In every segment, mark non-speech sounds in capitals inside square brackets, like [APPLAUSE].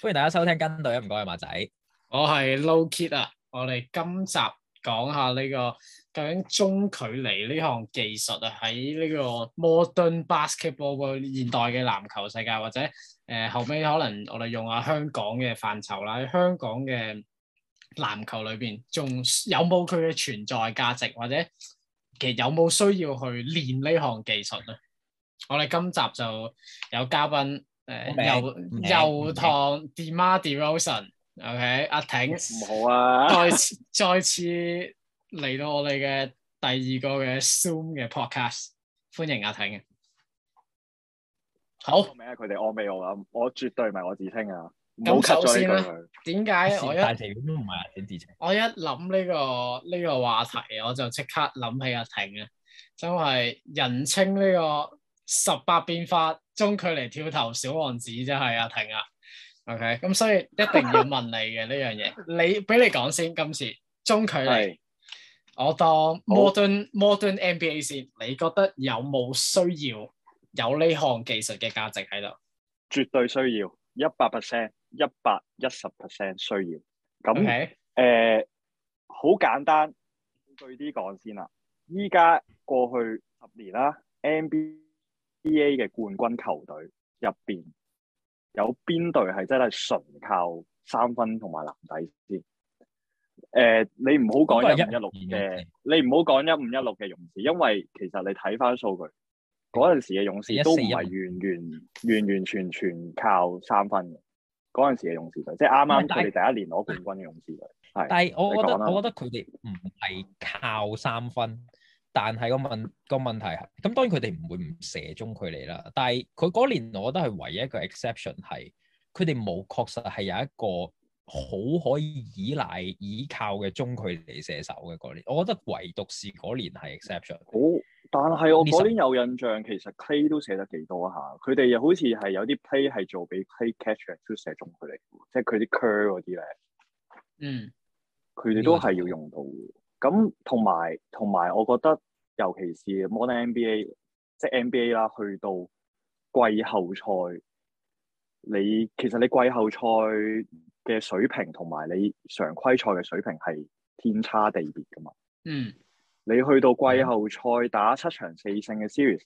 歡迎大家收聽跟隊啊唔該，馬仔，我係 Low Kid 啊。我哋今集講下呢個究竟中距離呢項技術啊，喺呢個 Modern Basketball 個現代嘅籃球世界，或者誒後尾可能我哋用下香港嘅範疇啦，喺香港嘅。籃球裏邊仲有冇佢嘅存在價值，或者其實有冇需要去練呢項技術咧？我哋今集就有嘉賓，誒油油塘 DeMar 字 DeRozan，OK、okay? 阿挺，唔好啊， [LAUGHS] 再次再次嚟到我哋嘅第二個嘅 Zoom 嘅 Podcast，歡迎阿挺。好，明係佢哋我未我啊，我絕對唔係我，我自稱啊。咁求先啦，點解我一 [MUSIC] 我一諗呢、呢個呢、呢個話題，我就即刻諗起阿婷。啊！真係人稱呢個十八變法中距離跳投小王子，真、就、係、是、阿婷啊！OK，咁所以一定要問你嘅呢樣嘢，你俾你講先。今次中距離，是我當 modern 好 modern NBA 先，你覺得有冇需要有呢項技術嘅價值喺度？絕對需要，一百 percent。一百一十 percent 需要咁，誒，好簡單，對啲講先啦。依家過去十年啦，NBA 嘅冠軍球隊入邊有邊隊係真係純靠三分同埋籃底先？誒，你唔好講一五一六嘅，Okay. 你唔好講一五一六嘅勇士，因為其實你睇翻數據嗰陣時嘅勇士都唔係完完 Okay. 完完全全靠三分嘅。嗰陣時嘅勇士隊，即係啱啱佢哋第一年攞冠軍嘅勇士隊。係是，是但係我覺得我覺得佢哋唔係靠三分，但係個問個問題係，咁當然佢哋唔會唔射中距離啦。但係佢嗰年，我覺得係唯一一個 exception 係，佢哋冇確實係有一個好可以依賴依靠嘅中距離射手嘅嗰年。我覺得唯獨是嗰年係 exception。好但係我嗰啲有印象，其實 play 都寫得幾多下，佢哋又好似係有啲 play 係做俾 play catcher、er、射中佢哋，即係佢啲 curve 嗰啲咧。嗯，佢哋都係要用到嘅。咁同埋同埋，我覺得尤其是 modern NBA，即係 NBA 啦，去到季後賽，你其實你季後賽嘅水平同埋你常規賽嘅水平係天差地別噶嘛。嗯。你去到季後賽打七場四勝嘅 series，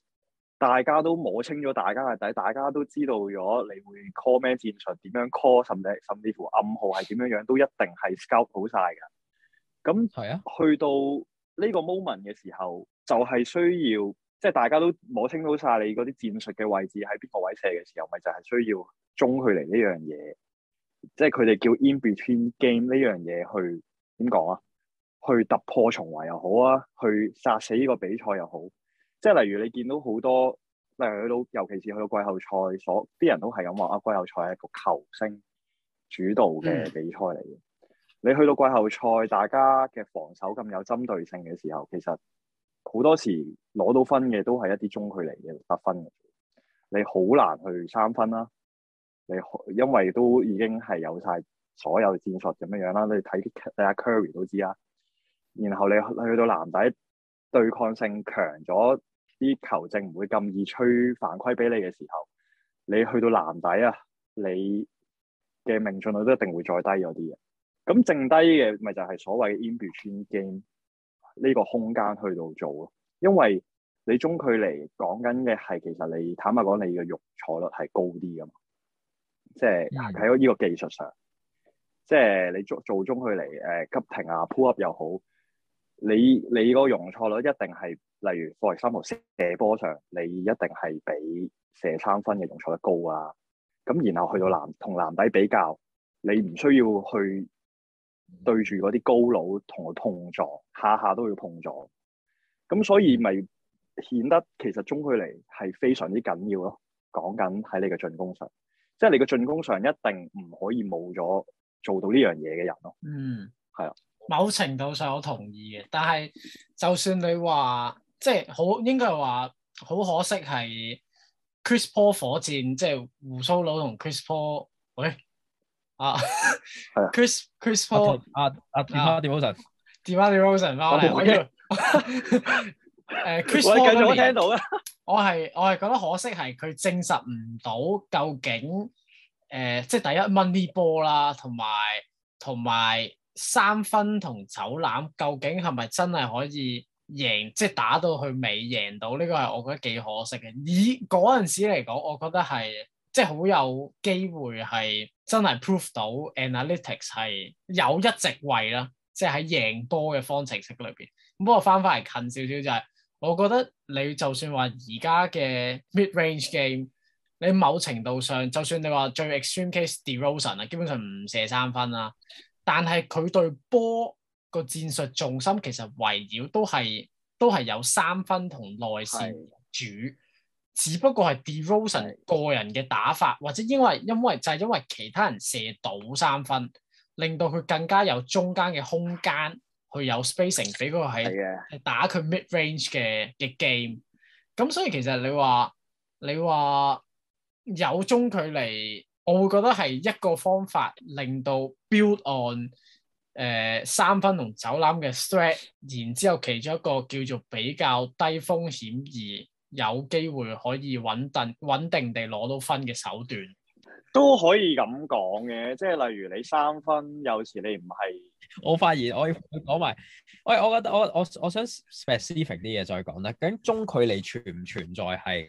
大家都摸清咗大家嘅底，大家都知道咗你會 call 咩戰術，點樣 call，甚至甚至乎暗號係點樣樣，都一定係 scout 好晒嘅。咁係啊，去到呢個 moment 嘅時候，就係需要即係大家都摸清楚晒你嗰啲戰術嘅位置喺邊個位射嘅時候，咪就係需要中距離嚟呢樣嘢，即係佢哋叫 in between game 呢樣嘢去點講啊？去突破重圍又好啊，去殺死呢個比賽又好，即係例如你見到好多，例如去到尤其是去到季後賽所，所啲人都係咁話啊，季後賽係一個球星主導嘅比賽嚟嘅。嗯、你去到季後賽，大家嘅防守咁有針對性嘅時候，其實好多時攞到分嘅都係一啲中距離嘅得分，你好難去三分啦。你因為都已經係有晒所有戰術咁樣樣啦，你睇下 Curry、啊、都知啦。然後你去到籃底對抗性強咗，啲球證唔會咁易吹犯規俾你嘅時候，你去到籃底啊，你嘅命中率都一定會再低咗啲嘅。咁剩低嘅咪就係所謂嘅 in-between game 呢個空間去到做咯，因為你中距離講緊嘅係其實你坦白講你嘅容錯率係高啲嘅嘛，即係喺呢個技術上，即係你做做中距離誒急停啊 pull up 又好。你你個容錯率一定係，例如外三號射波上，你一定係比射三分嘅容錯率高啊！咁然後去到籃同籃底比較，你唔需要去對住嗰啲高佬同佢碰撞，下下都要碰撞。咁所以咪顯得其實中距離係非常之緊要咯，講緊喺你嘅進攻上，即係你嘅進攻上一定唔可以冇咗做到呢樣嘢嘅人咯。嗯，係啊。某程度上我同意嘅，但係就算你話即係好，應該係話好可惜係 Chris Paul 火箭，即、就、係、是、鬍鬚佬同 Chris Paul 喂啊 [LAUGHS] Chris, [LAUGHS] Chris Chris Paul 阿阿 DeMar DeRozan DeMar DeRozan 翻嚟，誒 Chris Paul，喂繼續聽到啊。我係我係覺得可惜係佢證實唔到究竟誒、呃呃、即係第一蚊呢波啦，同埋同埋。拜拜三分同走籃，究竟係咪真係可以贏？即係打到去尾贏到呢，這個係我覺得幾可惜嘅。以嗰陣時嚟講，我覺得係即係好有機會係真係 prove 到 analytics 係有一席位啦。即係喺贏波嘅方程式裏邊。咁不過翻返嚟近少少就係、是，我覺得你就算話而家嘅 mid-range game，你某程度上就算你話最 extreme case DeRozan 啊，基本上唔射三分啦。但係佢對波個戰術重心其實圍繞都係都係有三分同內線主，的只不過係 DeRozan 個人嘅打法，的或者因為因為就係、是、因為其他人射倒三分，令到佢更加有中間嘅空間去有 spacing 俾嗰個係係的打佢 mid range 嘅嘅 game。咁所以其實你話你話有中距離。我會覺得係一個方法，令到 build on 誒、呃、三分同走攬走籃嘅 threat，e 然之後其中一個叫做比較低風險而有機會可以穩定穩定地攞到分嘅手段。都可以咁講嘅，即係例如你三分有時你唔係，我發現我講埋，喂，我覺得我我我想 specific 啲嘢再講啦。究竟中距離存唔存在係，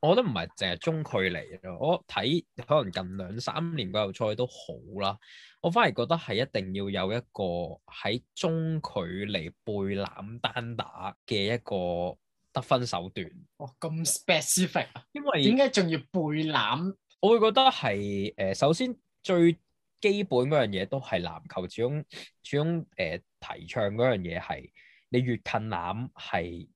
我覺得唔係淨係中距離咯。我睇可能近兩三年季後賽都好啦，我反而覺得係一定要有一個喺中距離背攬單打嘅一個得分手段。哇、哦，咁 specific 啊！因為點解仲要背攬？我會覺得係誒、呃，首先最基本嗰樣嘢都係籃球始終始終誒、呃、提倡嗰樣嘢係你越近籃係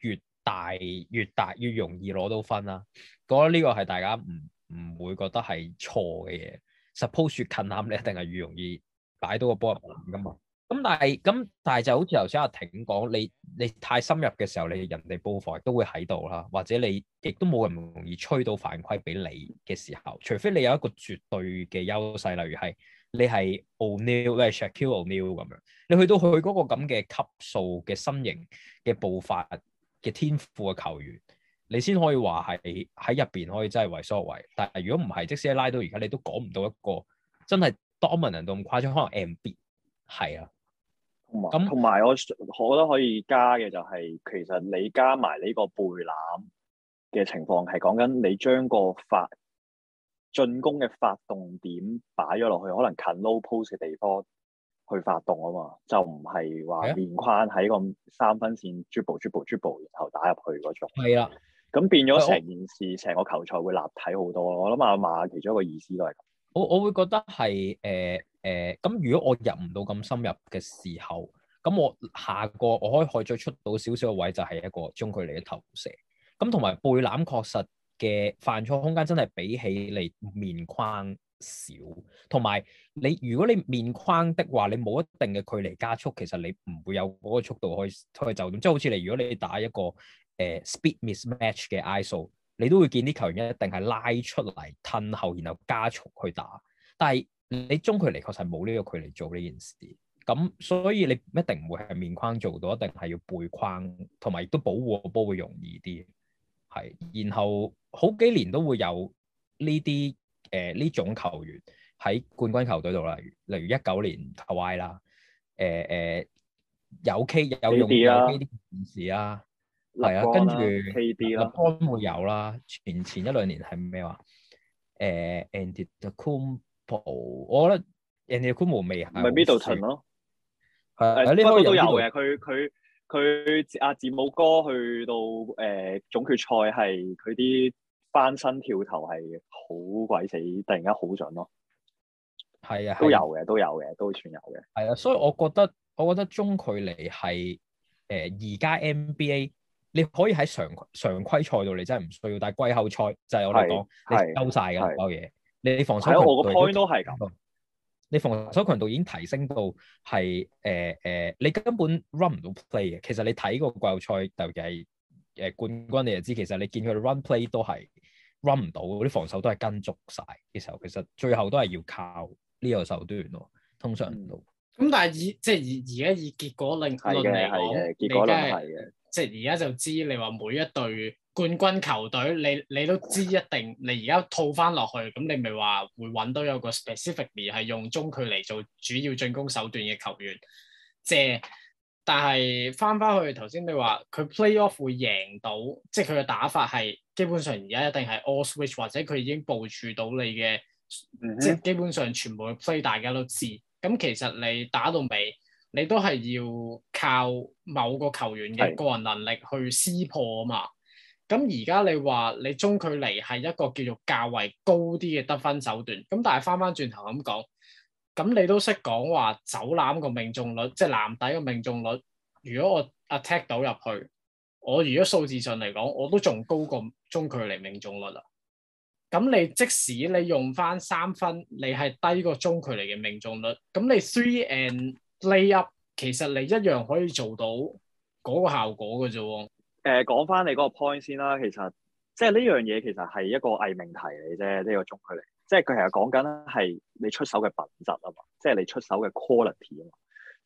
越大越大，越，大越容易攞到分啦、啊。我覺得呢個係大家唔唔會覺得係錯嘅嘢。Suppose 越近籃你一定係越容易擺到個波入籃噶嘛。咁、嗯、但係，咁但係就好似頭先阿婷講，你你太深入嘅時候，你人哋步伐都會喺度啦，或者你亦都冇人容易吹到犯規俾你嘅時候，除非你有一個絕對嘅優勢，例如係你係 O'Neal，你係 Shaquille O'Neal 咁樣，你去到佢嗰個咁嘅級數嘅身形嘅步伐嘅天賦嘅球員，你先可以話係喺入邊可以真係為所為。但係如果唔係，即使拉到而家，你都講唔到一個真係 Dominant 咁誇張，可能 MBA 係啊。同埋，同埋我，我覺得可以加嘅就係、是，其實你加埋呢個背籃嘅情況，係講緊你將個發進攻嘅發動點擺咗落去，可能近 low post 嘅地方去發動啊嘛，就唔係話面框喺個三分線，jump jump jump，然後打入去種。係啊的，咁變咗成件事，成的個球賽會立體好多咯，我諗阿馬其中一個意思都係。我我會覺得係誒誒咁，如果我入唔到咁深入嘅時候，咁我下個我可以可以再出到少少嘅位，就係一個中距離嘅投射。咁同埋背攬確實嘅犯錯空間真係比起你面框少。同埋你如果你面框的話，你冇一定嘅距離加速，其實你唔會有嗰個速度可以去去就。即係好似你如果你打一個誒、呃、speed mismatch 嘅 iso。你都會見啲球員一定係拉出嚟吞後，然後加速去打。但係你中距離確實冇呢個距離做呢件事，咁所以你一定唔會係面框做到，一定係要背框，同埋亦都保護個波會容易啲。係，然後好幾年都會有呢啲誒呢種球員喺冠軍球隊度啦，例如一九年 Y 啦，誒誒、呃、有 K 有用有 K 啲事啊。係啊，跟住着，KD 都有啦。前前一兩年係咩話？誒、欸、Antetokounmpo，我覺得 Antetokounmpo 未係，唔係 Middleton 咯。係啊，呢是個都有嘅。佢佢佢啊，字、嗯、母哥去到誒、呃、總決賽係佢啲翻身跳投係好鬼死，突然間好準咯、啊。係啊，啊都，都有嘅，都有嘅，都算有嘅。係啊，所以我覺得我覺得中距離係誒而家 NBA。你可以喺常規常規賽度，你真係唔需要，但係季後賽就係、是、我哋講，是你兜晒嘅所有嘢，的你防守強度喺我個 point 都係咁。你防守強度已經提升到係誒誒，你根本 run 唔到 play 嘅。其實你睇個季後賽尤其係誒冠軍，你就知其實你見佢 run play 都係 run 唔到，啲防守都係跟足晒嘅時候，其實最後都係要靠呢個手段咯。通常都，咁、嗯，但係以即係而而家以結果論論嚟講，結果係嘅。即係而家就知你話每一隊冠軍球隊，你你都知一定，你而家套翻落去，咁你咪話會揾到有個 specifically 係用中距離做主要進攻手段嘅球員。即係，但係翻翻去頭先你話佢 playoff 會贏到，即佢嘅打法係基本上而家一定係 all switch，或者佢已經部署到你嘅，mm hmm. 即基本上全部嘅 play 大家都知。咁其實你打到尾。你都係要靠某個球員嘅個人能力去撕破啊嘛。咁而家你話你中距離係一個叫做較為高啲嘅得分手段，咁但係翻翻轉頭咁講，咁你都識講話走籃個命中率，即係籃底嘅命中率。如果我 attack 到入去，我如果數字上嚟講，我都仲高過中距離命中率啊。咁你即使你用翻三分，你係低過中距離嘅命中率，咁你 three and lay up，其實你一樣可以做到嗰個效果嘅啫喎。誒、呃，講翻你嗰個 point 先啦，其實即係呢樣嘢其實係一個偽命題嚟啫。呢個中距離，即係佢其實講緊係你出手嘅品質啊嘛，即係你出手嘅 quality 啊嘛。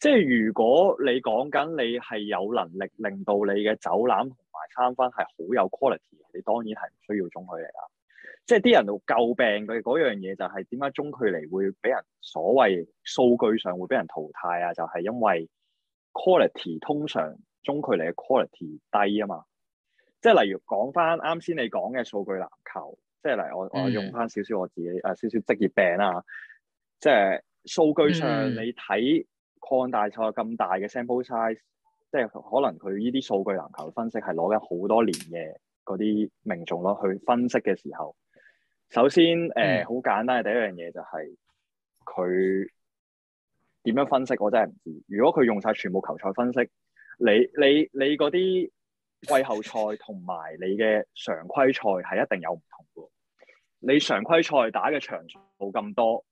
即係如果你講緊你係有能力令到你嘅走籃同埋三分係好有 quality 嘅，你當然係唔需要中距離啦。即係啲人度詬病佢嗰樣嘢，就係點解中距離會俾人所謂數據上會俾人淘汰啊？就係因為 quality 通常中距離嘅 quality 低啊嘛。即係例如講翻啱先你講嘅數據籃球，即係例如我我用翻少少我自己誒少少職業病啦。即係數據上你睇擴大賽咁大嘅 sample size，mm. 即係可能佢呢啲數據籃球分析係攞緊好多年嘅嗰啲命中率去分析嘅時候。首先，誒好、嗯呃、簡單嘅第一樣嘢就係佢點樣分析，我真係唔知。如果佢用晒全部球賽分析，你你你嗰啲季後賽同埋你嘅常規賽係一定有唔同嘅。你常規賽打嘅場數咁多，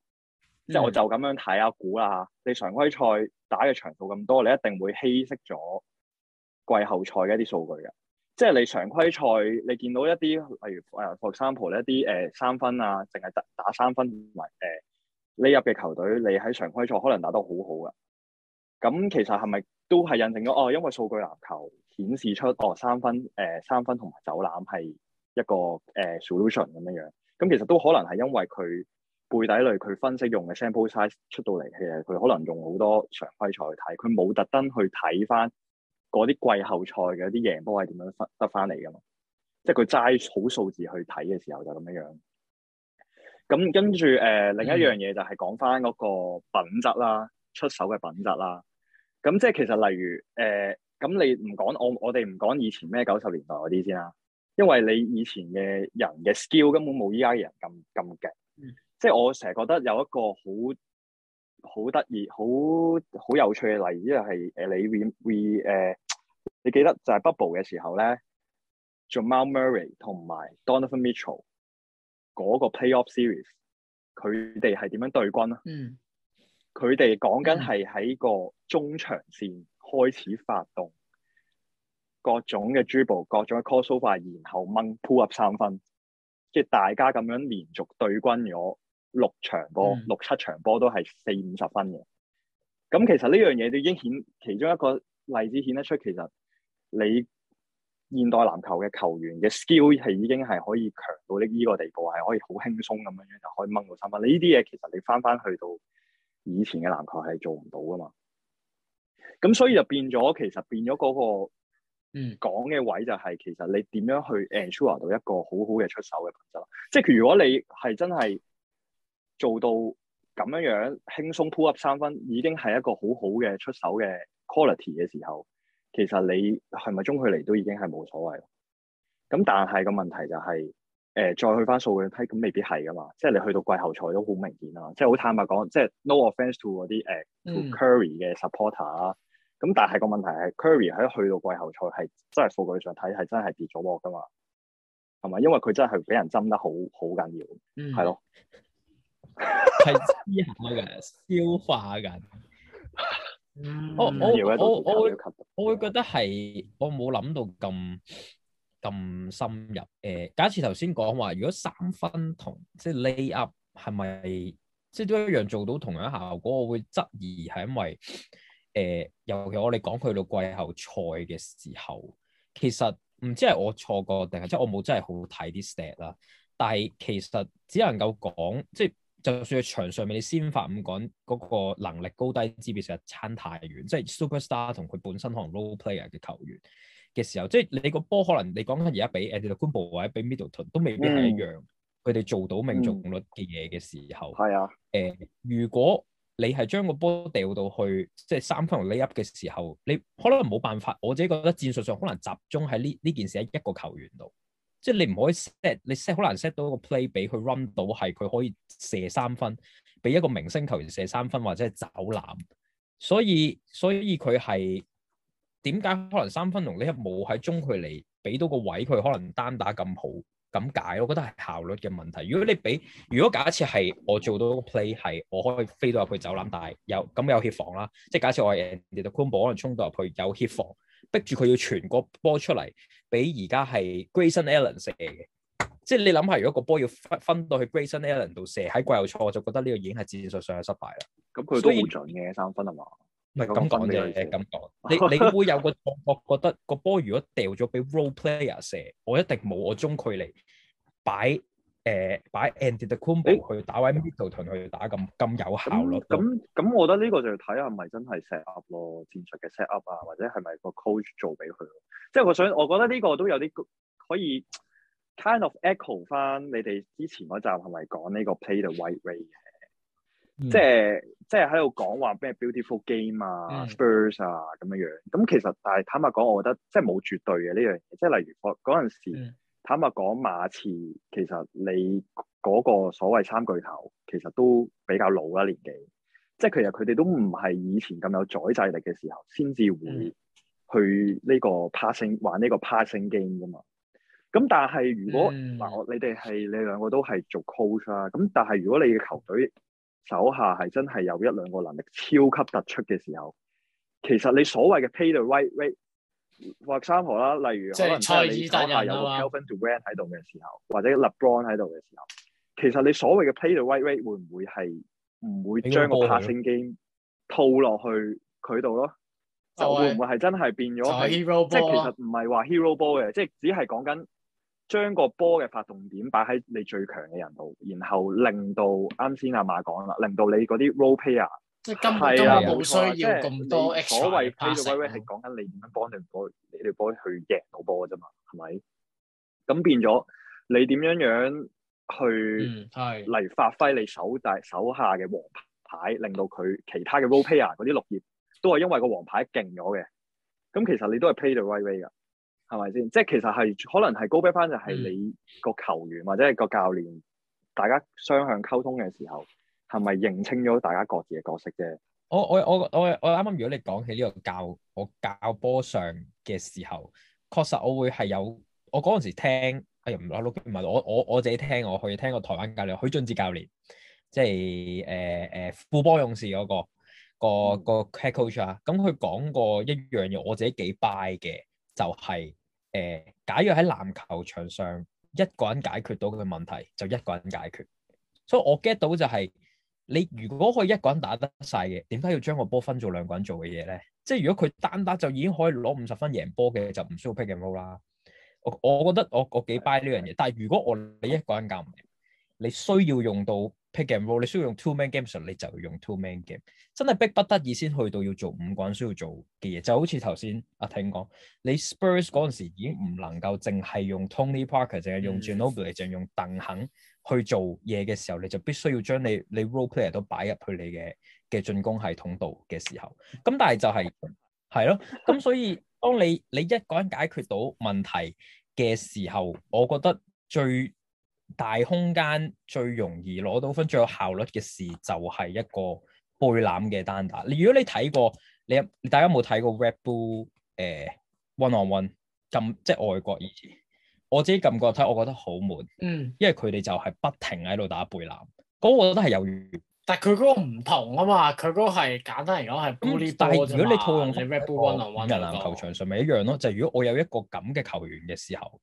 即係我就咁樣睇下估啊。你常規賽打嘅場數咁多，你一定會稀釋咗季後賽嘅一啲數據嘅。即係你常規賽，你見到一啲例如 For example，一啲誒、呃、三分啊，淨係打打三分同埋誒你入嘅球隊，你喺常規賽可能打得好好嘅。咁、嗯、其實係咪都係印證咗？哦，因為數據籃球顯示出哦三分誒、呃、三分同埋走籃係一個誒 solution 咁樣樣。咁、嗯、其實都可能係因為佢背底裏佢分析用嘅 sample size 出到嚟，其實佢可能用好多常規賽去睇，佢冇特登去睇翻。嗰啲季後賽嘅一啲贏波係點樣得翻嚟噶嘛？即係佢齋好數字去睇嘅時候就咁樣樣。咁跟住誒、呃嗯、另一樣嘢就係講翻嗰個品質啦，出手嘅品質啦。咁即係其實例如誒咁、呃、你唔講我我哋唔講以前咩九十年代嗰啲先啦，因為你以前嘅人嘅 skill 根本冇依家嘅人咁咁勁。嗯、即係我成日覺得有一個好。好得意，好好有趣嘅例子，呢個係誒你 we we 誒，你記得就係 bubble 嘅時候咧，Jamal Murray 同埋 Donovan Mitchell 嗰個 playoff series，佢哋係點樣對軍啊？嗯，佢哋講緊係喺個中場線開始發動各種嘅 dribble，各種嘅 crossover，然後掹 pull up 三分，即係大家咁樣連續對軍咗。六場波，六七場波都係四五十分嘅。咁其實呢樣嘢已經顯其中一個例子，顯得出其實你現代籃球嘅球員嘅 skill 係已經係可以強到呢呢個地步，係可以好輕鬆咁樣樣就可以掹到三分。你呢啲嘢其實你翻翻去到以前嘅籃球係做唔到噶嘛。咁所以就變咗，其實變咗嗰個講嘅位就係、是嗯、其實你點樣去 ensure 到一個好好嘅出手嘅品質。即係如果你係真係，做到咁樣樣輕鬆 pull up 三分，已經係一個好好嘅出手嘅 quality 嘅時候，其實你係咪中距離都已經係冇所謂。咁但係個問題就係、是，誒、呃，再去翻數據睇，咁未必係噶嘛。即係你去到季後賽都好明顯啦，即係好坦白講，即係 no offense to 嗰啲誒 Curry 嘅 supporter 啊。咁、mm hmm. 但係個問題係 Curry 喺去到季後賽係真係數據上睇係真係跌咗鑊噶嘛？係咪？因為佢真係俾人針得好好緊要，係咯、mm。Hmm. 係思考嘅，消化緊。嗯、我我我我我會覺得係我冇諗到咁咁 [LAUGHS] 深入。誒、呃，假設頭先講話，如果三分同即係、就是、lay up 係咪即係都一樣做到同樣效果，我會質疑係因為誒、呃，尤其我哋講去到季後賽嘅時候，其實唔知係我錯過定係即係我冇真係好睇啲 stat 啦。但係其實只能夠講即係。就算喺場上面，你先發五講嗰、嗰個能力高低之別，實差太遠，即係 Superstar 同佢本身可能 low player 嘅球員嘅時候，即係你個波可能你講緊而家俾誒利官浦或者俾 Middleton 都未必係一樣，佢哋、嗯、做到命中率嘅嘢嘅時候，係啊、嗯，誒、嗯呃，如果你係將個波掉到去即係三分同 layup 嘅時候，你可能冇辦法，我自己覺得戰術上可能集中喺呢呢件事喺一個球員度。即係你唔可以 set，你 set 好難 set 到一個 play 俾佢 run 到係佢可以射三分，俾一個明星球員射三分或者係走籃。所以所以佢係點解可能三分同呢一冇喺中距離俾到個位佢可能單打咁好咁解？我覺得係效率嘅問題。如果你俾，如果假設係我做到一個 play 係我可以飛到入去走籃，但係有咁有協防啦，即係假設我係人哋到 combo 可能衝到入去有協防。逼住佢要傳個波出嚟，俾而家係 Grayson Allen 射嘅，即係你諗下，如果個波要分分到去 Grayson Allen 度射，喺季後賽我就覺得呢個已經係戰術上嘅失敗啦。咁佢都唔準嘅三分啊嘛，唔係咁講啫，咁講不，你你會有個我覺得個波如果掉咗俾 Role Player 射，我一定冇我中距離擺。誒、呃，把 Antetokounmpo 去打位、欸，位 middle 打咁咁那有效咯。咁咁，我覺得呢個就要睇下，係咪真係 set up 咯，戰術嘅 set up 啊，或者係咪個 coach 做俾佢。即、就、係、是、我想，我覺得呢個都有啲可以 kind of echo 翻，你哋之前嗰集係咪講呢個 play the right way 嘅？即係即係喺度講話咩 beautiful game 啊、嗯、spurs 啊咁樣樣。咁、嗯嗯嗯、其實，但係坦白講，我覺得即係冇絕對嘅呢樣嘢。即係、就是、例如嗰陣時。嗯坦白講，馬刺其實你嗰個所謂三巨頭，其實都比較老一年紀，即係其實佢哋都唔係以前咁有宰制力嘅時候，先至會去呢個 passing 玩呢個 passing game 噶嘛。咁但係如果我、嗯、你哋係你兩個都係做 coach 啦，咁但係如果你嘅球隊手下係真係有一兩個能力超級突出嘅時候，其實你所謂嘅 play the right way 或三河啦，例如可能即蔡當下有個 Kevin、啊、Durant 喺度嘅時候，或者 LeBron 喺度嘅時候，其實你所謂嘅 Play the、right、Right Way 會唔會係唔會將個 passing game 套落去佢度咯？就是、就會唔會係真係變咗、就是就是、？HeroBall？即係其實唔係話 Hero Ball 嘅，啊、即係只係講緊將個波嘅發動點擺喺你最強嘅人度，然後令到啱先阿馬講啦，令到你嗰啲 Role Player。係啊，冇需要咁多。所謂 play the right way，係講緊你點樣幫你唔幫你，你幫佢贏到波啫嘛，係咪？咁變咗你點樣樣去嚟、嗯、發揮你手大手下嘅王牌，令到佢其他嘅 role player 啲綠葉，都係因為個王牌勁咗嘅。咁其實你都係 play the right way 嘅，係咪先？即係其實係可能係高比翻就係你個球員、嗯、或者係個教練大家雙向溝通嘅時候。係咪認清咗大家各自嘅角色啫？我我我我我啱啱如果你講起呢個教我教波上嘅時候，確實我會係有我嗰陣時聽，哎唔係我我我自己聽我去聽過台灣教練許俊智教練，即係誒誒富波勇士嗰、個、個、個 head coach 啊，咁佢講過一樣嘢，我自己幾 buy 嘅，就係、是、誒、呃、假如喺籃球場上一個人解決到佢嘅問題，就一個人解決，所以我 get 到就係、是。你如果可以一個人打得晒嘅，點解要將個波分做兩個人做嘅嘢咧？即係如果佢單打就已經可以攞五十分贏波嘅，就唔需要 pick and roll 啦。我我覺得我我幾 buy 呢樣嘢。但係如果我你一個人搞唔掂，你需要用到 pick and roll，你需要用 two man game 你就要用 two man game。真係逼不得已先去到要做五個人需要做嘅嘢，就好似頭先阿婷講，你 Spurs 嗰陣時已經唔能夠淨係用 Tony Parker，淨係用 Ginobili，淨係用鄧肯。去做嘢嘅時候，你就必須要將你你 role player 都擺入去你嘅嘅進攻系統度嘅時候。咁但係就係係咯。咁所以當你你一個人解決到問題嘅時候，我覺得最大空間，最容易攞到分、最有效率嘅事，就係一個背攬嘅單打。你如果你睇過你，你大家有冇睇過 Red Bull 誒 one on one 咁即係外國語言。我自己感覺睇，我覺得好悶。嗯，因為佢哋就係不停喺度打背籃，嗰個得係有。但係佢嗰個唔同啊嘛，佢嗰個係簡單嚟講係布哩波嘅，但係如果你套用喺 NBA 籃球場上咪一樣咯，嗯、就係如果我有一個咁嘅球員嘅時候，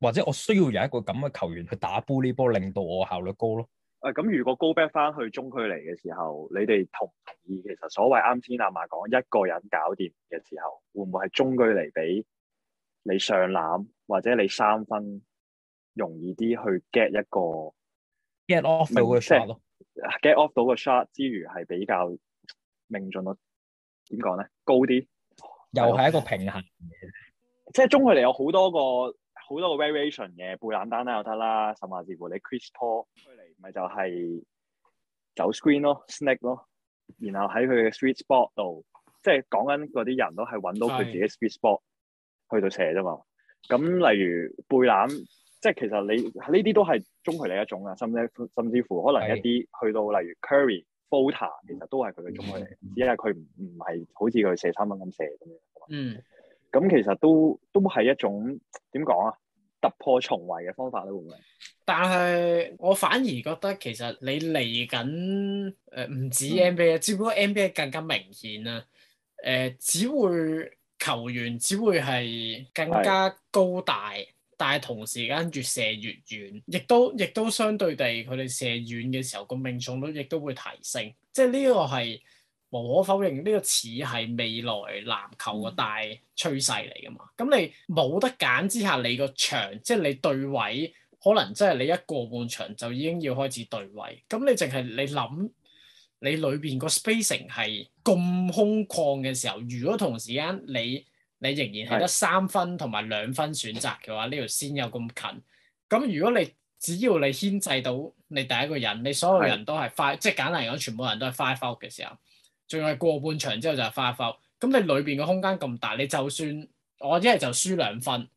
或者我需要有一個咁嘅球員去打布哩波，令到我效率高咯。誒咁、啊，如果高 b a c 翻去中距離嘅時候，你哋同唔同意其實所謂啱先阿馬講一個人搞掂嘅時候，會唔會係中距離比你上籃？或者你三分容易啲去 get 一個 get off 到個 shot 咯，get off 到個 shot 之餘係比較命中率點講咧高啲，又係一個平衡嘅。 [LAUGHS] 即係中距離有好多個好多個 variation 嘅背冷單啦，又得啦。甚或甚至乎你 Chris Paul 嚟咪就係走 screen 咯，snake 咯， [LAUGHS] 然後喺佢嘅 sweet spot 度，即係講緊嗰啲人都係揾到佢自己 sweet spot 去到射啫嘛是。咁例如背籃，即係其實你呢啲都係中距離一種啊，甚至甚至乎可能一啲是去到例如 curry、bota，其實都係佢嘅中距離嚟，只係佢唔唔係好似佢射三分咁射咁樣。嗯，咁其實都都係一種點講啊？突破重圍嘅方法咧，會唔會？但係我反而覺得其實你嚟緊誒唔止 NBA，、嗯、只不過 NBA 更加明顯啊。誒、呃，只會。球員只會係更加高大，的但係同時間越射越遠，亦都亦都相對地，佢哋射遠嘅時候個命中率亦都會提升。即係呢個係無可否認，呢、呢個似係未來籃球嘅大趨勢嚟㗎嘛。咁、嗯、你冇得揀之下，你個場即係、即係、你對位，可能即係你一個半場就已經要開始對位。咁你淨係你諗？你裏邊個 spacing 係咁空曠嘅時候，如果同時間你你仍然係得三分同埋兩分選擇嘅話，呢的條先有咁近。咁如果你只要你牽制到你第一個人，你所有人都係 five< 的>，即係簡單嚟講，全部人都係 five out 嘅時候，仲係過半場之後就係 five out。咁你裏邊嘅空間咁大，你就算我一係就輸兩分，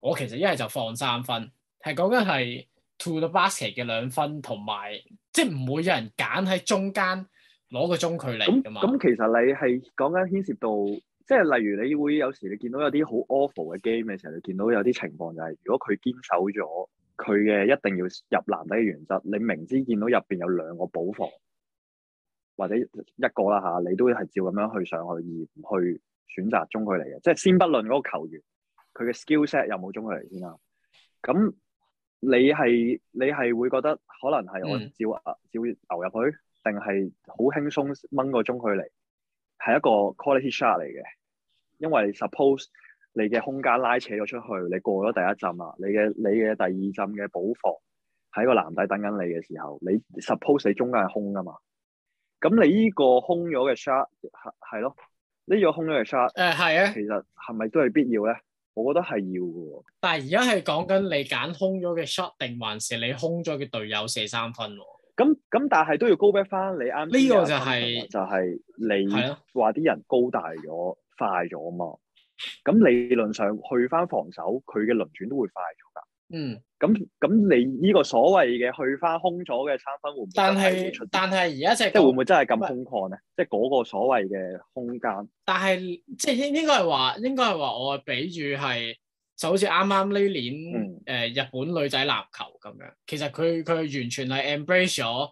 我其實一係就放三分，係講緊係 to the basket 嘅兩分同埋。即係唔會有人揀喺中間攞個中距離噶嘛？咁其實你係講緊牽涉到，即係例如你會有時你見到有啲好 awful 嘅 game 嘅時候，你見到有啲情況就係、是，如果佢堅守咗佢嘅一定要入籃底嘅原則，你明知見到入邊有兩個補防或者一個啦嚇，你都係照咁樣去上去而唔去選擇中距離嘅，即係先不論嗰個球員佢嘅 skill set 有冇中距離先啦。咁你係你係會覺得可能係我照啊照流入去，定係好輕鬆掹個鐘去嚟，係一個 quality shot 嚟嘅。因為 suppose 你嘅空間拉扯咗出去，你過咗第一浸啊，你嘅你嘅第二浸嘅補防喺個籃底等緊你嘅時候，你 suppose 你中間係空噶嘛？咁你呢個空咗嘅 shot 係係咯，呢、這個空咗嘅 shot 誒係啊，其實係咪都係必要咧？我覺得係要嘅喎，但係而家係講緊你揀空咗嘅 shot 定還是你空咗嘅隊友射三分喎？咁咁但係都要高逼翻你啱。呢個就係、就係、你話啲人高大咗、快咗啊嘛。咁理論上去翻防守，佢嘅輪轉都會快咗㗎。嗯。咁咁你呢個所謂嘅去翻空咗嘅三分會唔會真出但？但係但係而家隻即係會唔會真係咁空曠咧？即係嗰個所謂嘅空間。但係即係應應該係話，應該係話我比住係就好似啱啱呢年誒、嗯呃、日本女仔籃球咁樣，其實佢佢完全係 embrace 咗，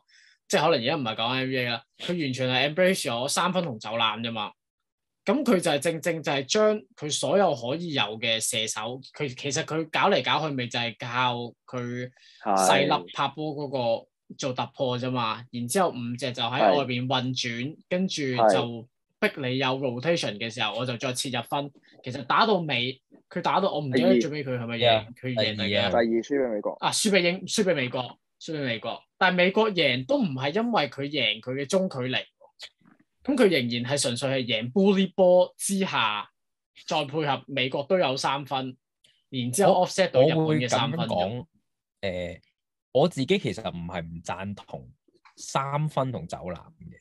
即係可能而家唔係講 NBA 啦，佢完全係 embrace 咗三分同走籃啫嘛。咁佢就係正正就係將佢所有可以有嘅射手，佢其實佢搞嚟搞去，咪就係靠佢細粒拍波嗰個做突破啫嘛。然之後五隻就喺外邊運轉，是跟住就逼你有 rotation 嘅時候，我就再切入分。其實打到尾，佢打到我唔記得最尾佢係咪贏，佢贏嚟嘅？第二輸俾二美國。啊，輸俾英，輸俾美國，輸俾美國。但係美國贏都唔係因為佢贏佢嘅中距離。咁佢仍然係純粹係贏 bully 波之下，再配合美國都有三分，然之後 offset 到我日本嘅三分嘅、呃。我自己其實唔係唔贊同三分同走籃嘅，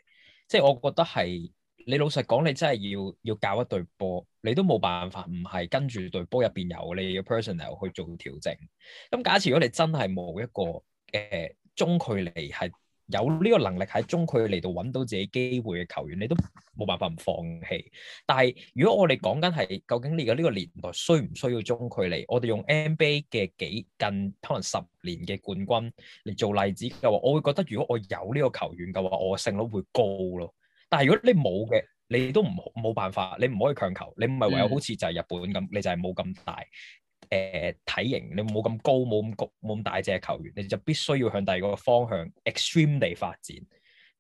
即係我覺得係，你老實講，你真係要要教一對波，你都冇辦法唔係跟住對波入邊有，你要 personal 去做調整。咁假設，如果你真係冇一個誒、呃、中距離係。有呢個能力喺中距離度揾到自己機會嘅球員，你都冇辦法唔放棄。但係如果我哋講緊係究竟你嘅呢個年代需唔需要中距離？我哋用 NBA 嘅幾近可能十年嘅冠軍嚟做例子嘅話，我會覺得如果我有呢個球員嘅話，我嘅勝率會高咯。但係如果你冇嘅，你都唔冇辦法，你唔可以強求，你唔係唯有好似就係日本咁，嗯、你就係冇咁大。誒，體型你冇咁高，冇咁高，冇咁大隻嘅球員，你就必須要向第二個方向 extreme 地發展。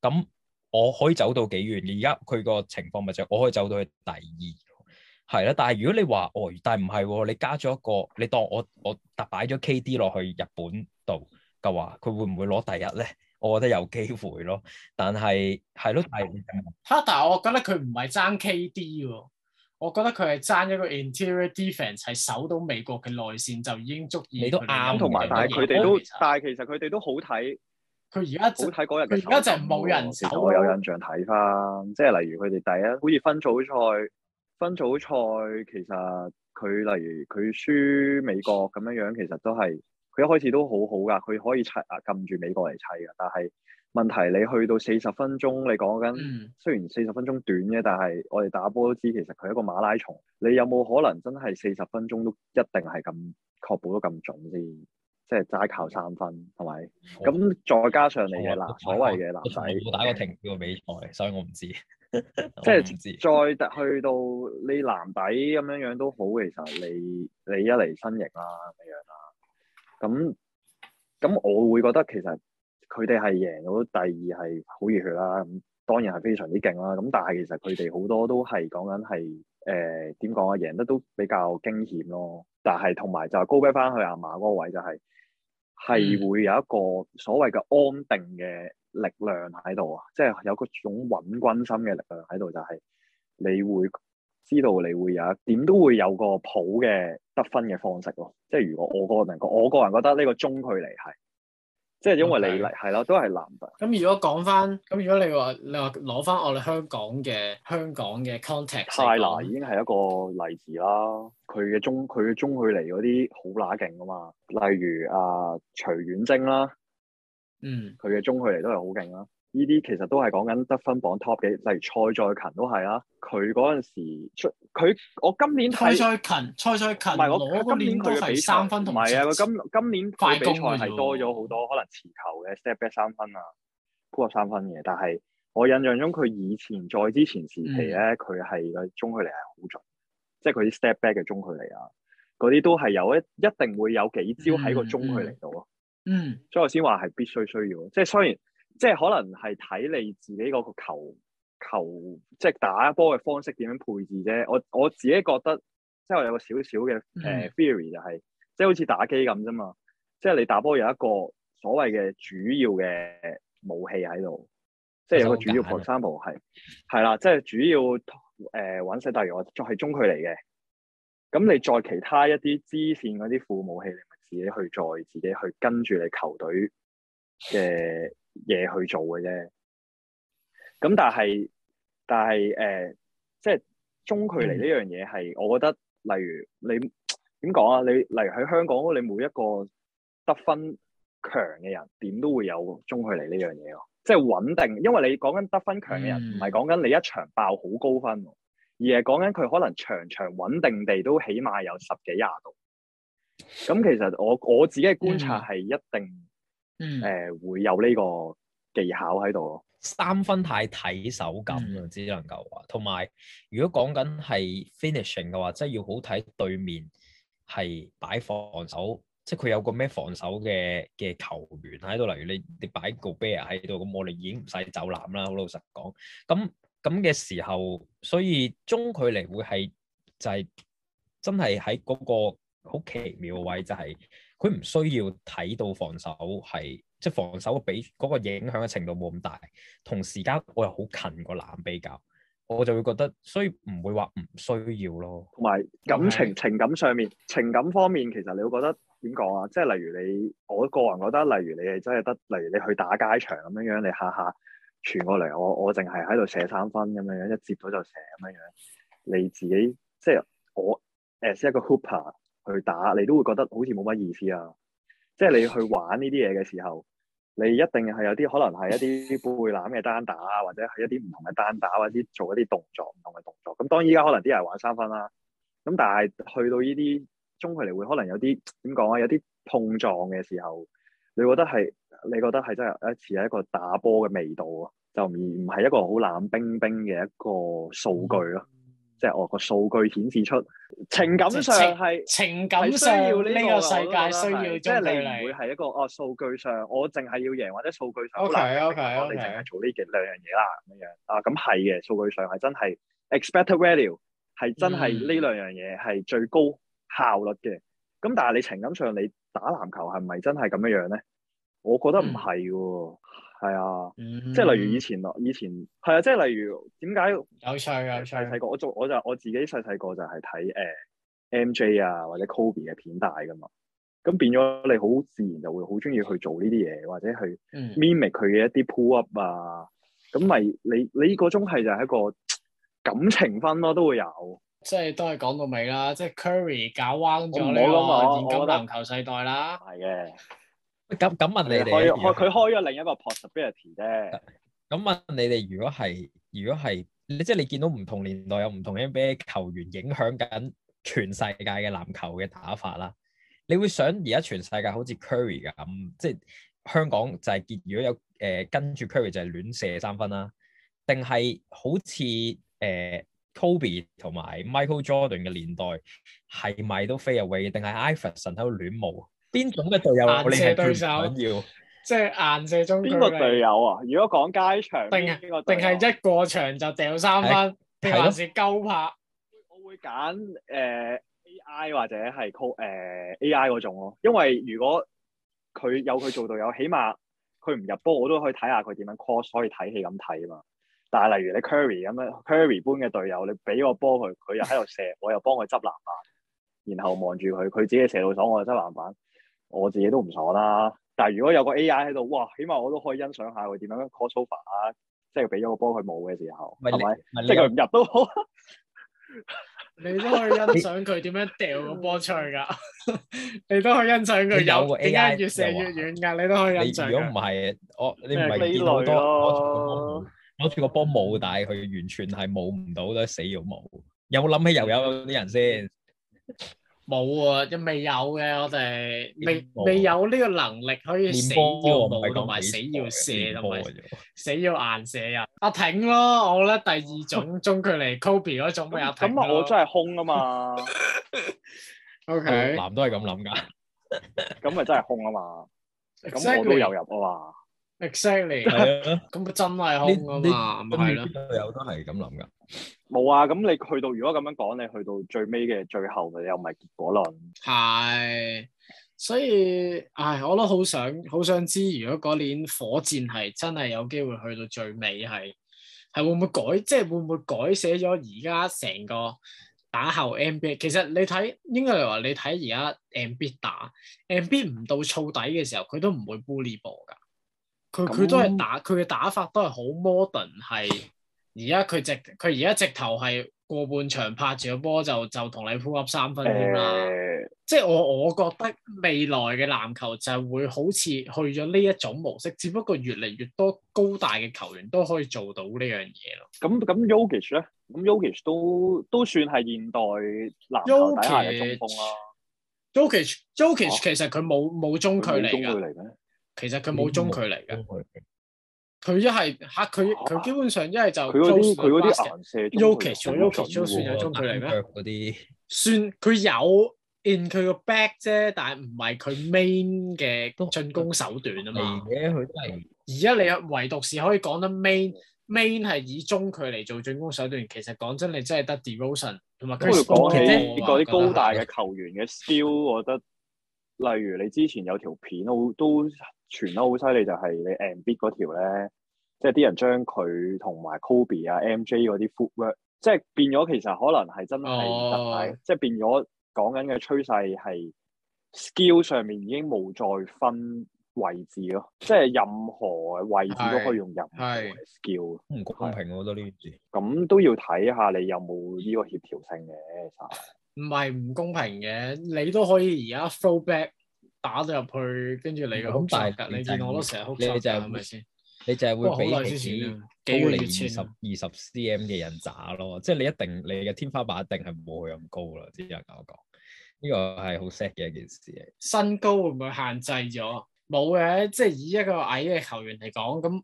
咁我可以走到幾遠？而家佢個情況咪就係我可以走到去第二，係啦。但係如果你話哦，但係唔係喎，你加咗一個，你當我我特擺咗 KD 落去日本度嘅話，佢會唔會攞第一咧？我覺得有機會咯。但係係咯，係吓、但係但係我覺得佢唔係爭 KD 喎。我覺得佢係爭一個 interior defence 係守到美國嘅內線就已經足以。你都啱，同埋但係佢哋都，但係其實佢哋都好睇。佢而家好睇嗰日嘅。而家就冇人守。我有印象睇翻，即係例如佢哋第一，好似分組賽，分組賽其實佢例如佢輸美國咁樣樣，其實都係佢一開始都好好㗎，佢可以砌啊撳住美國嚟砌㗎，但係。問題，你去到四十分鐘，你講緊雖然四十分鐘短嘅，但係我哋打波都知，其實佢係一個馬拉松。你有冇可能真係四十分鐘都一定係咁確保得咁準先？即係齋靠三分，係咪？咁、嗯、再加上你嘅男了所謂嘅男仔打個停表比賽嚟，所以我唔知。即 [LAUGHS] 係 [LAUGHS] 再去到你男仔咁樣樣都好，其實你你一嚟身形啦咁樣啦。咁咁，我會覺得其實。佢哋係贏到第二，係好熱血啦。咁當然係非常之勁啦。咁但係其實佢哋好多都係講緊係誒點講啊？贏得都比較驚險咯。但係同埋就係高逼翻去阿馬嗰個位、就是，就係係會有一個所謂嘅安定嘅力量喺度啊！即係有嗰種穩軍心嘅力量喺度，就係、是、你會知道你會有一點都會有個譜嘅得分嘅方式咯。即係如果我個人覺，我個人覺得呢個中距離係。即係因為你嚟係咯，都係男的。咁如果講翻，咁如果你話你話攞翻我哋香港嘅香港嘅 contact，太拿已經係一個例子啦。佢嘅中佢嘅中距離嗰啲好乸勁啊嘛，例如啊徐遠征啦，嗯，佢嘅中距離都係好勁啦。嗯。呢啲其實都係講緊得分榜 top 嘅，例如蔡再勤都係啦。佢嗰陣時出佢，我今年蔡再勤，蔡再勤唔係我，今年佢嘅比賽唔係啊。佢今今年快比賽係多咗好多，可能持球嘅 step back 三分啊 pull up 三分嘅。但係我印象中佢以前再之前時期咧，佢係個中距離係好準，即係佢啲 step back 嘅中距離啊，嗰啲都係有一一定會有幾招喺個中距離度咯。嗯，所以我先話係必須需要，即係雖然。即係可能係睇你自己嗰個球球，即係打波嘅方式點樣配置啫。我我自己覺得，即係我有個少少嘅誒 theory 就係、是，即係好似打機咁啫嘛。即係你打波有一個所謂嘅主要嘅武器喺度，即係有個主要 pro 三模係係啦。即係主要誒玩細大如我作係中距離嘅。咁你再其他一啲支線嗰啲副武器，你咪自己去再自己去跟住你球隊嘅。 [LAUGHS] 嘢去做嘅啫，咁但係但係誒，即係中距離呢樣嘢係，我覺得例如你點講啊？你例如喺香港，你每一個得分強嘅人，點都會有中距離呢樣嘢咯。即係穩定，因為你講緊得分強嘅人，唔係講緊你一場爆好高分，而係講緊佢可能場場穩定地都起碼有十幾廿度。咁其實我我自己嘅觀察係一定。 [LAUGHS] 嗯，誒會有呢個技巧喺度。三分太睇手感啦，嗯、只能夠話。同埋，如果講緊係 finishing 嘅話，即、就、係、係、要好睇對面係擺防守，即係佢有個咩防守嘅嘅球員喺度。例如你你擺個 bear 喺度，咁我哋已經唔使走籃啦。好老實講，咁咁嘅時候，所以中距離會係就係、係、真係喺嗰個好奇妙嘅位、就係，就係。佢唔需要睇到防守係，即、就、係、是、防守嘅比嗰、嗰個影響嘅程度冇咁大，同時間我又好近個籃比較，我就會覺得，所以唔會話唔需要咯。同埋感情、就是、情感上面、情感方面，其實你會覺得點講啊？即係例如你，我個人覺得，例如你係真係得，例如你去打街場咁樣樣，你下下傳過嚟，我我淨係喺度射三分咁樣樣，一接到就射咁樣樣，你自己即係我 as 一個 hooper。去打你都會覺得好似冇乜意思啊！即係你去玩呢啲嘢嘅時候，你一定係有啲可能係一啲背籃嘅單打，啊，或者係一啲唔同嘅單打，或者，一或者做一啲動，動作，唔同嘅動作。咁當然依家可能啲人玩三分啦，咁但係去到呢啲中距離會可能有啲點講啊？有啲碰撞嘅時候，你覺得係你覺得係真係一次係一個打波嘅味道，啊，就而唔係一個好冷冰冰嘅一個數據咯。嗯即係我個數據顯示出情感上係情，情感上需要呢個，個世界需要，即係你唔會係一個哦數據上我淨係要贏或者數據上難，okay, okay, 我哋淨係做呢幾兩樣嘢啦咁樣。啊咁係嘅，數據上係真係 expected value 係真係呢兩樣嘢係最高效率嘅。咁、嗯、但係你情感上你打籃球係咪真係咁樣樣咧？我覺得唔係喎。嗯係啊，即係例如以前咯，以前係啊，即係例如點解有趣啊？有趣啊，細細個我做我就我自己細細個就係睇誒，MJ 啊或者 Kobe 嘅片帶㗎嘛，咁變咗你好自然就會好中意去做呢啲嘢，或者去 mimic 佢嘅一啲 pull up 啊，咁咪、 [MUSIC] 嗯、你你嗰種係就係一個感情分咯、啊，都會有。即係都係講到尾啦，即係 Curry 搞彎咗呢個現今籃球世代啦。係嘅。咁咁問你哋，佢佢開咗另一個 possibility 啫。咁問你哋，如果係如果係，即你即係你見到唔同年代有唔同 NBA 球員影響緊全世界嘅籃球嘅打法啦。你會想而家全世界好似 Curry 咁，即係香港就係、是、結如果有誒、呃、跟住 Curry 就係亂射三分啦。定係好似誒、呃、Kobe 同埋 Michael Jordan 嘅年代 fade away，係咪都飛入位？定係 Iverson 喺度亂舞？邊種嘅隊友？硬射對手要，即係硬射中。邊個隊友啊？如果講街場，定個定係一過場就掉三分，的定還是夠拍？我會揀誒、呃、AI 或者係 a 誒 AI 嗰種咯，因為如果佢有佢做隊友， [LAUGHS] 起碼佢唔入波，我都可以睇下佢點樣 cross，可以睇戲咁睇嘛。但係例如你 Curry 咁樣 Curry 般嘅隊友，你俾個波佢，佢又喺度射， [LAUGHS] 我又幫佢執籃板，然後望住佢，佢自己射到手，我又執籃板。我自己都唔錯啦，但係如果有個 A.I. 喺度，哇，起碼我都可以欣賞下佢點樣 court o v e 啊，即係俾咗個波佢冇嘅時候，係咪？即係佢唔入都好， [LAUGHS] 你都可以欣賞佢點樣掉個波出去噶， [LAUGHS] 你都可以欣賞佢有個 A.I. 越射越遠噶，你都可以欣賞。如果唔係，我你唔係見好多攞住個波冇，但係佢完全係冇唔到咧，死要冇。有冇諗起又有啲人先？冇啊，就未有嘅，我哋未未有呢個能力可以死要路同埋死要射同埋死要硬射入。啊，停咯，我覺得第二種中距離 Kobe 嗰種咪有停咯。咁我真係空啊嘛。OK，男都係咁諗噶。咁咪真係空啊嘛。咁我都有入啊嘛。Exactly。咁咪真係空啊嘛。咁係啦。有都係咁諗噶。冇啊！咁你去到，如果咁樣講，你去到最尾嘅最後，又唔係結果論。係，所以，唉，我都好想，好想知，如果嗰年火箭係真係有機會去到最尾，係係會唔會改？即係會唔會改寫咗而家成個打後 NBA？其實你睇，應該嚟話你睇而家 NBA 打 NBA，那唔到燥底嘅時候，佢都唔會 bully ball 㗎。佢佢，那都係打，佢嘅打法都係好 modern 係。而家佢直佢而家直頭係過半場拍住個波就就同你 pull up 三分添啦，欸、即係我我覺得未來嘅籃球就係會好似去咗呢一種模式，只不過越嚟越多高大嘅球員都可以做到、ok、呢樣嘢咯。咁咁 Jokic 咧？咁 Jokic 都都算係現代籃球底下嘅中鋒啦。Jokic，Jokic，啊？其實佢冇冇中距離噶？離其實佢冇中距離噶。嗯佢一係嚇佢佢基本上一係就佢嗰啲佢 u k i 除咗 Uki 都算有中距離咩？算佢有 in 佢個 back 啫，但係唔係佢 main 嘅進攻手段啊嘛。嘅佢都係而家你唯獨是可以講得 main、嗯、main 係以中距離做進攻手段。其實講真，你真係得 DeRozan 同埋。不如講起講啲高大嘅球員嘅 feel，、嗯、我覺得、嗯、例如你之前有條片，我都。傳得好犀利就係你 Amid 嗰條咧，即係啲人將佢同埋 Kobe 啊、MJ 嗰啲 footwork 即係變咗其實可能係真係特、oh. 即係變咗講緊嘅趨勢係 skill 上面已經冇再分位置咯，即係任何位置都可以用任何 skill，唔、oh. 公平我都呢件事。咁都要睇下你有冇呢個協調性嘅，唔係唔公平嘅，你都可以而家 throw back。打咗入去，跟住是你嘅好大，你見我都成日好差，係咪先？你就係會俾啲高你零二十、二十 cm 嘅人渣咯，月月即係你一定，你嘅天花板一定係冇佢咁高啦。啲人咁講，呢個係好 sad 嘅一件事。嚟。身高會唔會限制咗？冇嘅，即係以一個矮嘅球員嚟講，咁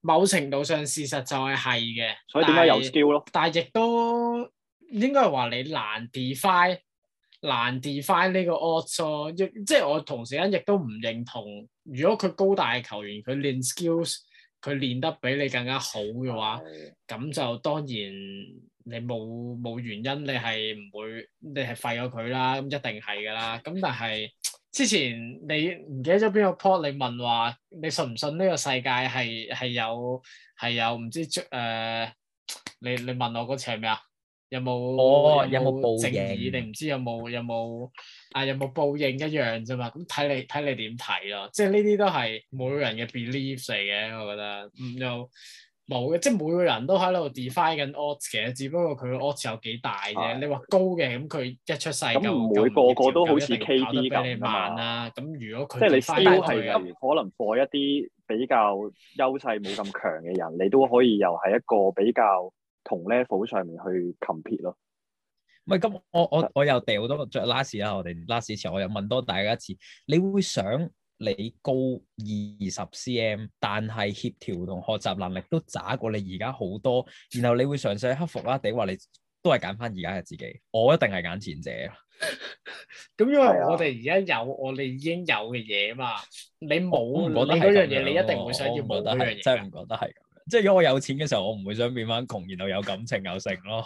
某程度上事實就係係嘅。所以點解有 skill 咯？但係亦都應該係話你難 define 難 define 呢個 odds 咯，亦即係我同時間亦都唔認同。如果佢高大嘅球員，佢練 skills，佢練得比你更加好嘅話，咁的就當然你冇冇原因你，你係唔會你係廢咗佢啦。咁一定係㗎啦。咁但係之前你唔記得咗邊個 point 你問話你信唔信呢個世界係係有係有唔知誒、呃？你你問我嗰次係咩啊？有冇有冇、哦、報應？定唔知有冇有冇啊？有冇報應一樣啫嘛？咁睇你睇你點睇咯？即係呢啲都係每個人嘅 beliefs 嚟嘅，我覺得唔又冇嘅。即係每個人都喺度 define 緊 odds 嘅，只不過佢個 odds 有幾大啫。哎、你話高嘅咁，佢一出世咁唔會個個都好似 KD 咁慢啊？咁如果佢即係你 feel 係可能過一啲比較優勢冇咁強嘅人，你都可以又係一個比較。同 level 上面去 compete 咯，唔係咁，我我我又掉多咗 last 啦，我哋 last 前我又問多大家一次，你會想你高二十 cm，但係協調同學習能力都渣過你而家好多，然後你會嘗試去克服啦，定話你都係揀翻而家嘅自己，我一定係揀前者。咁 [LAUGHS] 因為我哋而家有我哋已經有嘅嘢嘛，你冇你嗰樣嘢，你一定會想要冇嗰樣嘢，真係唔覺得係。即係如果我有錢嘅時候，我唔會想變翻窮，然後有感情又剩咯。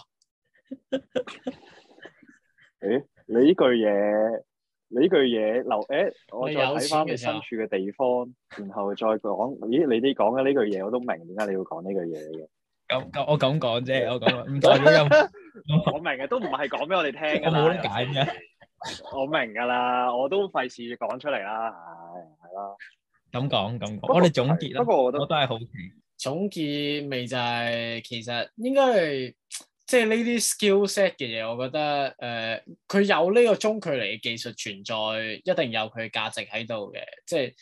誒，你呢句嘢，你呢句嘢，留誒，我再睇翻你身處嘅地方，然後再講。咦，你啲講嘅呢句嘢，我都明點解你要講呢句嘢嘅。咁咁，我咁講啫，我講唔代表又。我明嘅，都唔係講俾我哋聽。我冇得解嘅。我明噶啦，我都費事講出嚟啦，唉，係咯。咁講咁講，我哋總結啦。不過我都我都係好奇。總結未就係、是，其實應該係即係呢啲 skill set 嘅嘢，我覺得誒，佢、呃、有呢個中距離技術存在，一定有佢嘅價值喺度嘅。即係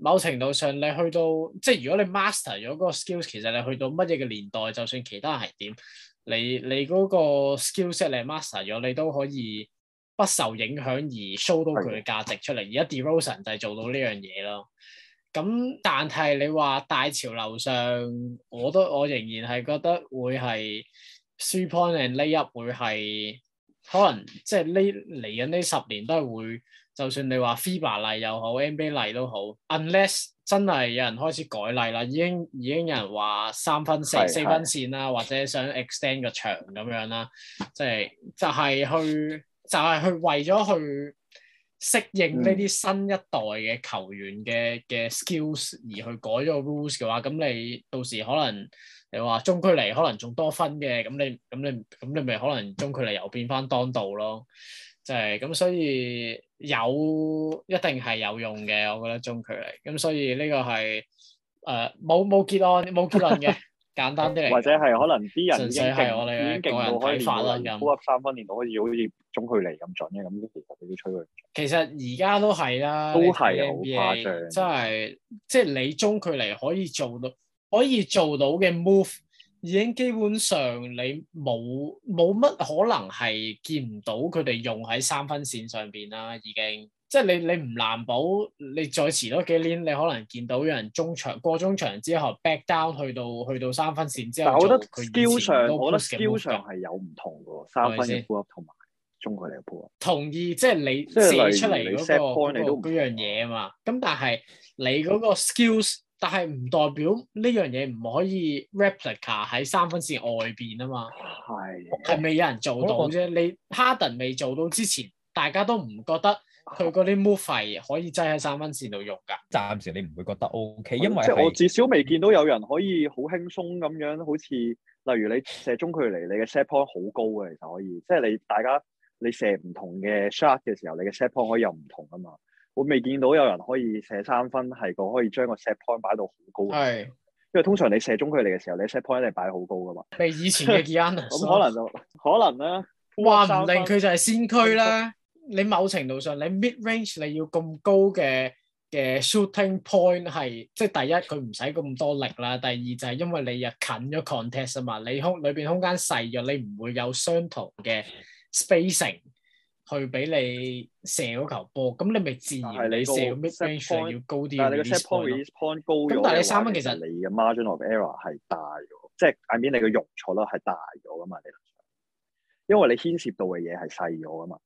某程度上，你去到即係如果你 master 咗嗰個 skill，s 其實你去到乜嘢嘅年代，就算其他人係點，你你嗰個 skill set 你 master 咗，你都可以不受影響而 show 到佢嘅價值出嚟。而家的 dearosion 就係做到呢樣嘢咯。咁，但係你話大潮流上，我都我仍然係覺得會係 three point and layup 會係可能即係呢嚟緊呢十年都係會，就算你話 FIBA 例又好 NBA 例都好，unless 真係有人開始改例啦，已經已經有人話三分線、係係、四分線啦，係係或者想 extend 個場咁樣啦，即係就係、係、去就係、係、去為咗去。適應呢啲新一代嘅球員嘅嘅 skills 而去改咗 rules 嘅話，咁你到時可能你話中距離可能仲多分嘅，咁你咁你咁你咪可能中距離又變翻當道咯，就係、是、咁，所以有一定係有用嘅，我覺得中距離，咁所以呢個係誒冇冇結論冇結論嘅。 [LAUGHS] 簡單啲嚟，或者係可能啲人已經已經勁可以罰球 pull up 三分，練到好似好似中距離咁準嘅，咁其實都要吹佢。其實而家都係啦，都係好誇張，有有真係即係你中距離可以做到，可以做到嘅 move 已經基本上你冇冇乜可能係見唔到佢哋用喺三分線上邊啦，已經。即係你你唔難保，你再遲多幾年，你可能見到有人中場過中場之後，back down 去到去到三分線之後，我覺得佢 skills，我覺得 skills 上係有唔同嘅喎，三分嘅 pull up 同埋中距離嘅 pull up。同意，即係你射出嚟嗰、嗰個樣嘢啊嘛。咁但係你嗰個 skills，、嗯、但係唔代表呢樣嘢唔可以 replica 喺三分線外邊啊嘛。係係未有人做到啫。嗯、你哈登未做到之前，大家都唔覺得。佢嗰啲 move 可以擠喺三分線度用噶，暫時你唔會覺得 O、OK, K，因為即係我至少未見到有人可以好輕鬆咁樣，好似例如你射中距離，你嘅 set point 好高嘅，其實可以，即係你大家你射唔同嘅 shot 嘅時候，你嘅 set point 可以又唔同噶嘛。我未見到有人可以射三分係個可以將個 set point 擺到好高，係是因為通常你射中距離嘅時候，你 set point 一定擺好高噶嘛。你以前嘅 Gian 咁、 [LAUGHS] [LAUGHS] 嗯、可能就可能啦，話唔定佢就係先驅啦。你某程度上，你 mid range 你要咁高嘅嘅 shooting point 係，即係第一佢唔使咁多力啦，第二就係因為你又近咗 contest 啊嘛，你空裏邊空間細咗你唔會有相同嘅 spacing 去俾你射嗰球波，咁你咪自然係你射個 mid range set point, 要高啲。但係你 set point high this 咁，但係你三分其實你嘅 margin of error 係大，即係意味你嘅容錯率係大咗噶嘛？你上因為你牽涉到嘅嘢係細咗噶嘛？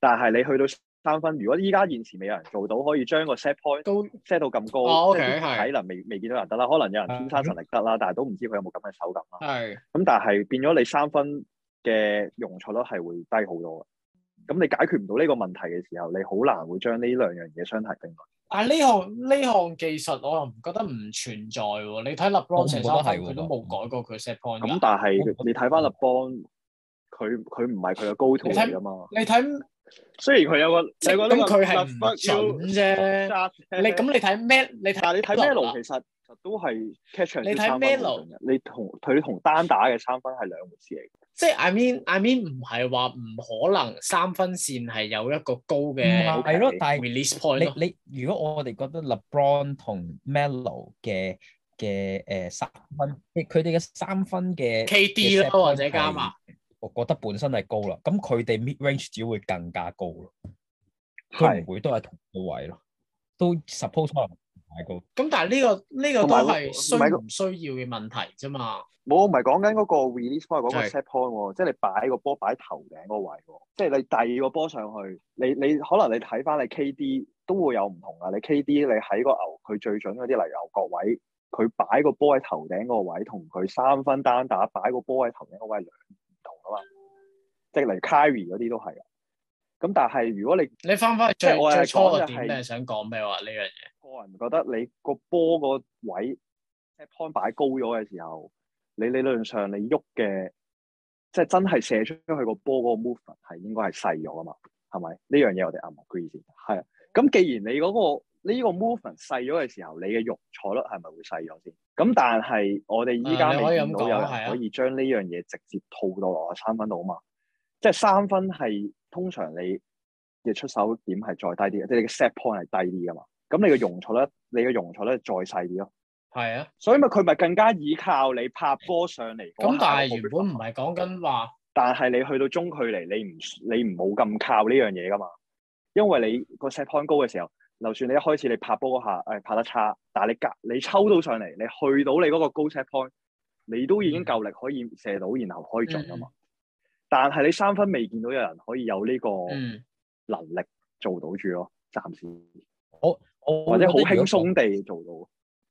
但係你去到三分，如果依家現時未有人做到，可以將個 set point 都 set 到咁高，睇能未未見到人得啦。可能有人天生神力得啦，但係都唔知佢有冇咁嘅手感啦。係。咁但係變咗你三分嘅容錯率係會低好多嘅。咁你解決唔到呢個問題嘅時候，你好難會將呢兩樣嘢相提並論。但係呢項呢項技術，我又唔覺得唔存在喎。你睇勒布朗射三分，佢都冇改過佢 set point。咁但係你睇翻勒布朗，佢佢唔係佢嘅高徒嚟㗎嘛？你睇。雖然佢有個，就覺得佢係唔準啫。你咁你睇咩？你睇係，你睇 Melo 其實都係 catch and shoot 嘅。你睇 Melo，你同佢同單打嘅三分係兩回事嚟。即係 I mean，I mean 唔係話唔可能三分線係有一個高嘅。唔係咯，Okay. 但係你 Release point. 你，你如果我哋覺得 LeBron 同 Melo 嘅嘅誒三分，佢哋嘅三分嘅 KD 或者加碼。我覺得本身係高啦，咁佢哋 mid range 只會更加高咯，佢唔會都係同個位咯，都 suppose 可能唔係高。咁但係呢個呢個都係需唔需要嘅問題啫嘛。冇，唔係講緊嗰個 release point，講個 set point 是即係你擺個波擺頭頂嗰個位喎，即係你第二個波上去，你你可能你睇翻你 KD 都會有唔同啊。你 KD 你喺個牛佢最準嗰啲嚟牛角位，佢擺個波喺頭頂嗰個位，同佢三分單打擺個波喺頭頂嗰位兩。即係例如 carry 嗰啲都係啊，咁但係如果你你翻翻最最初嘅點，就是，你係想講咩話呢樣嘢？個人覺得你個波個位即係 point 擺高咗嘅時候，你理論上你喐嘅，即、就、係、是、真係射出去個波嗰個 movement 係應該係細咗啊嘛，係咪呢樣嘢我哋 agree 先？係，咁既然你、嗰個。呢個 movement 細咗嘅時候，你嘅容錯率係咪會細咗先？咁但係我哋依家未見到有可以將呢樣嘢直接套到落三分度啊嘛。即係三分係通常你嘅出手點係再低啲，即係你嘅 set point 係低啲噶嘛。咁你嘅容錯率，你嘅容錯率再細啲咯。係啊，所以咪佢咪更加倚靠你拍波上嚟。咁但係原本唔係講緊話，但係你去到中距離，你唔你唔冇咁靠呢樣嘢噶嘛，因為你個 set point 高嘅時候。就算你一開始你拍波嗰下，誒、哎、拍得差，但係你隔你抽到上嚟，你去到你嗰個高 set point，你都已經夠力可以射到，然後可以進啊嘛。嗯、但係你三分未見到有人可以有呢個能力做到住咯，暫時。我我即係好輕鬆地做到。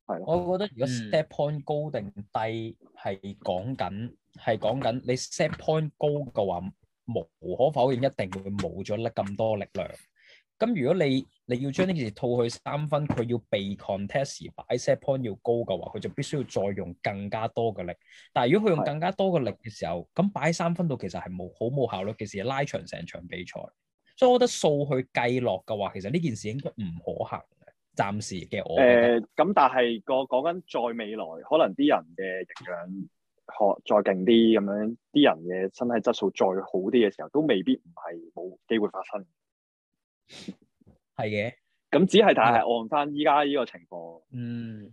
係咯。我覺得如果 set point 高定低係講緊係講緊，你 set point 高嘅話，無可否認一定會冇咗甩咁多力量。咁如果你你要將呢件事套去三分，佢要被 contest 時擺 set point 要高嘅話，佢就必須要再用更加多嘅力。但係如果佢用更加多嘅力嘅時候，咁擺是的 三分度其實係冇好冇效率，其實拉長成場比賽。所以我覺得數去計落嘅話，其實呢件事應該唔可行嘅。暫時嘅我誒，咁、呃、但係個講緊再未來，可能啲人嘅營養學再勁啲，咁樣啲人嘅身體質素再好啲嘅時候，都未必唔係冇機會發生。係嘅，咁只係但係按翻依家呢個情況，嗯，誒、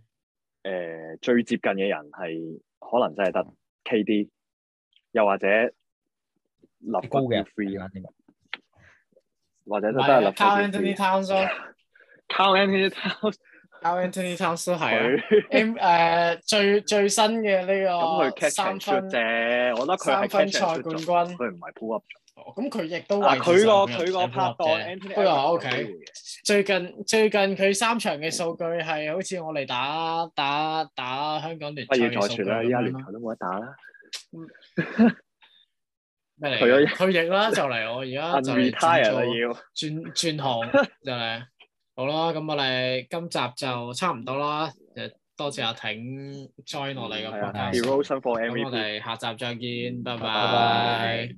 呃，最接近嘅人係可能真係得 KD，又或者立3，高嘅，或者都係立 3,、啊、高嘅。Karl-Anthony Towns 都，Karl-Anthony Towns，Karl-Anthony Towns 都係。M 誒 [LAUGHS] 他、啊，最最新嘅呢個三、er，分啫，我覺得佢係三分賽冠軍，軍，佢唔係 pull up。咁佢亦都，嗱佢個佢個拍檔，O K。最近最近佢三場嘅數據係好似我哋打打打香港聯，不要再啦，依家聯球都冇得打啦。咩嚟？退退役啦，就嚟我而家就嚟轉轉行，就嚟好啦。咁我哋今集就差唔多啦，就多謝阿挺 join 我哋嘅。係啊 erosion for MVP 我哋下集再見，拜拜。